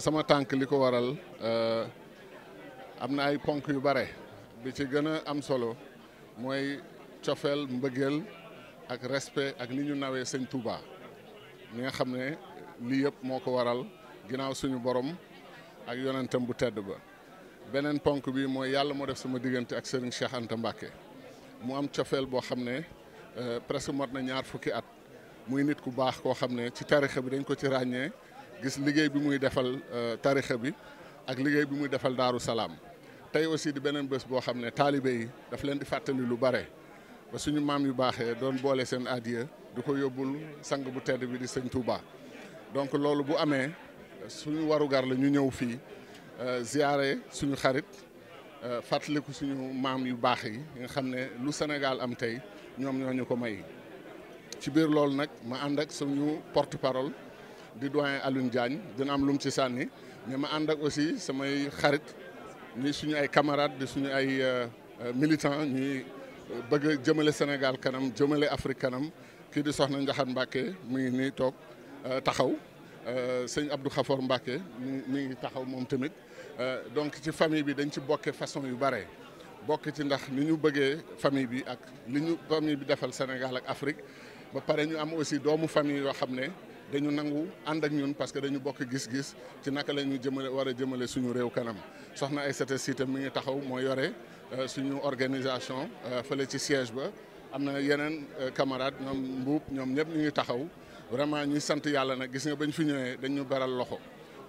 sama sama tànk li ko waral euh, am na ay ponk yu bare bi ci gën a am solo mooy cofeel mbëggeel ak respect ak ni ñu nawee sëñ Touba mi nga xam ne lii yëpp moo ko waral ginnaaw suñu borom ak yonentam bu tedd ba beneen ponk bi mooy yàlla moo def sama diggante ak sëriñ Cheikh Anta mu am cofeel boo xam ne euh, presque mot na ñaar fukki at muy nit ku baax koo xam ne ci tarixa bi dañ ko ci ràññee gis liggéey bi muy defal euh, tarixa bi ak liggéey bi muy defal daaru salaam tey aussi di beneen bés boo xam ne taalibe yi daf leen di fàttali lu bare ba suñu maam yu baaxee doon boole seen adiya du ko yóbbul sang bu tedd bi di sëñ Touba donc loolu bu amee suñu warugar la ñu ñëw fii euh, ziyaare suñu xarit euh, fàttaliku suñu maam yu baax yi nga xam ne lu Sénégal am tey ñoom ñoo ñu ko may ci biir loolu nag ma ànd ak suñu porte parole. di doyen Alioune Diagne dina am lu ci sànni mais ma ànd ak aussi samay xarit ni suñu ay camarades di suñu ay euh, euh, militants ñuy bëgg a jëmale Sénégal kanam jëmale Afrique kanam kii di soxna Ndiakhate Mbacke mu ngi nii toog euh, taxaw sëñ abdu Khafor Mbacke mi ngi taxaw moom tamit donc ci famille bi dañ ci bokke façon yu bare bokk ci ndax ni ñu bëggee famille bi ak li ñu famille bi defal Sénégal ak Afrique ba pare ñu am aussi doomu famille yoo xam ne. dañu nangu ànd ak ñun parce que dañu bokk gis-gis ci naka lañu ñu jëmale war a jëmale suñu réew kanam soxna ay Sy tam mi ngi taxaw moo yore euh, suñu organisation euh, fële ci siège ba am na yeneen euh, camarade ñoom mbuub ñoom ñëpp ñu ngi taxaw vraiment ñuy sant yàlla na gis nga bañ fi ñëwee dañ ñu beral loxo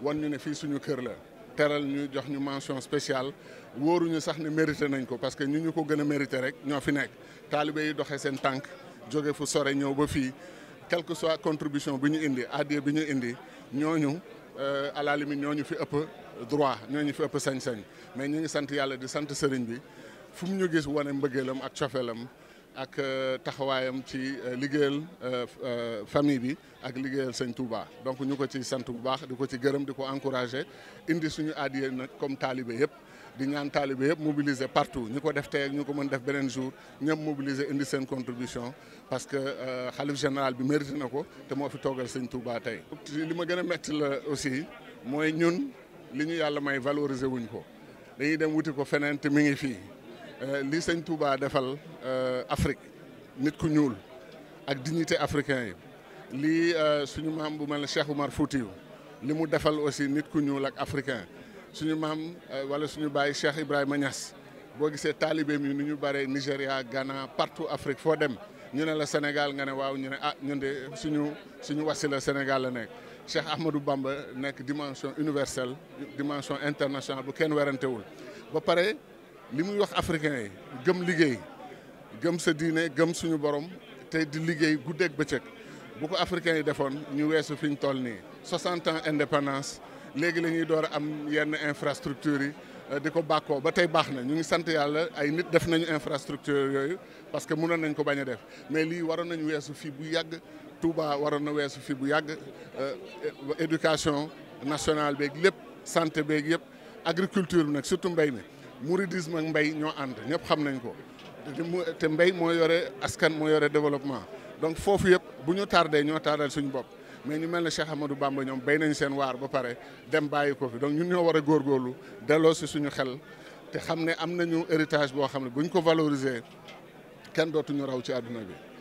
wan ñu ne fii suñu kër la teral ñu jox ñu mention spéciale wóoruñu sax ne mérité nañ ko parce que ñu ñu ko gën a mérité rek ñoo fi nekk taalibe yi doxee seen tànk jóge fu sore ñëw ba fii quelque que soit contribution bi ñu indi addiya bi ñu indi ñooñu euh, à la limite ñooñu fi ëpp droit ñooñu fi ëpp sañ-sañ mais ñu sant yàlla di sant sëriñ bi fu ñu gis wane mbëggeelam ak cofeelam ak euh, taxawaayam ci euh, liggéeyal famille bi ak liggéeyal sëñ Touba donc ñu ko ci sant bu baax di ko ci gërëm di ko encourager indi suñu addiya nag comme taalibe yëpp. di ñaan taalibe yëpp mobiliser partout ñu ko def tey ak ñu ko mën def beneen jour ñëpp mobiliser indi seen contribution parce que euh, xalif général bi mérité na ko te moo fi toogal sëñ Touba tey. li ma gën a métti la aussi mooy ñun li ñu yàlla may valoriser wuñ ko dañuy dem wuti ko feneen te mi ngi fii euh, li sëñ Touba defal euh, Afrique nit ku ñuul ak dignité africain yi lii suñu maam bu mel ne Cheikh Oumar Foutiyou li mu defal aussi nit ku ñuul ak africain. suñu maam euh, wala suñu baay Cheikh Ibrahima Niass boo gisee taalibeem yi nu ñu bare Nigéria Ghana partout Afrique foo dem ñu ne la Sénégal nga ne waaw ñu ne ah ñun de suñu suñu wasila Sénégal la nekk Cheikh Ahmadou Bamba nekk dimension universelle dimension internationale bu kenn werantewul ba pare li muy wax africain yi gëm liggéey gëm sa diine gëm suñu borom te di liggéey guddeeg bëccëg bu ko africain yi defoon ñu weesu fi ñu toll nii 60 ans indépendance léegi la ñuy door a am yenn infrastructure yi euh, di ko bàkkoo ba tey baax na ñu ngi sant yàlla ay nit def nañu infrastructure yooyu parce que mënoon nañ ko bañ a def mais lii waroon nañu weesu fii bu yàgg Touba waroon na weesu fii bu yàgg euh, éducation nationale beeg lépp santé beeg yëpp agriculture bi nag surtout mbéy mi mouridisme ak ñoo ànd ñëpp xam nañ ko te mbéy moo yore askan moo yore développement donc foofu yëpp bu ñu tardé ñoo tardal suñu bopp mais ñu mel ne Cheikh Amadou Bamba ñoom bay nañ seen waar ba pare dem bàyyi ko fi donc ñun ñoo war a góorgóorlu delloo si suñu xel te xam ne am nañu héritage boo xam ne buñ ko valoriser kenn dootuñu raw ci àdduna bi.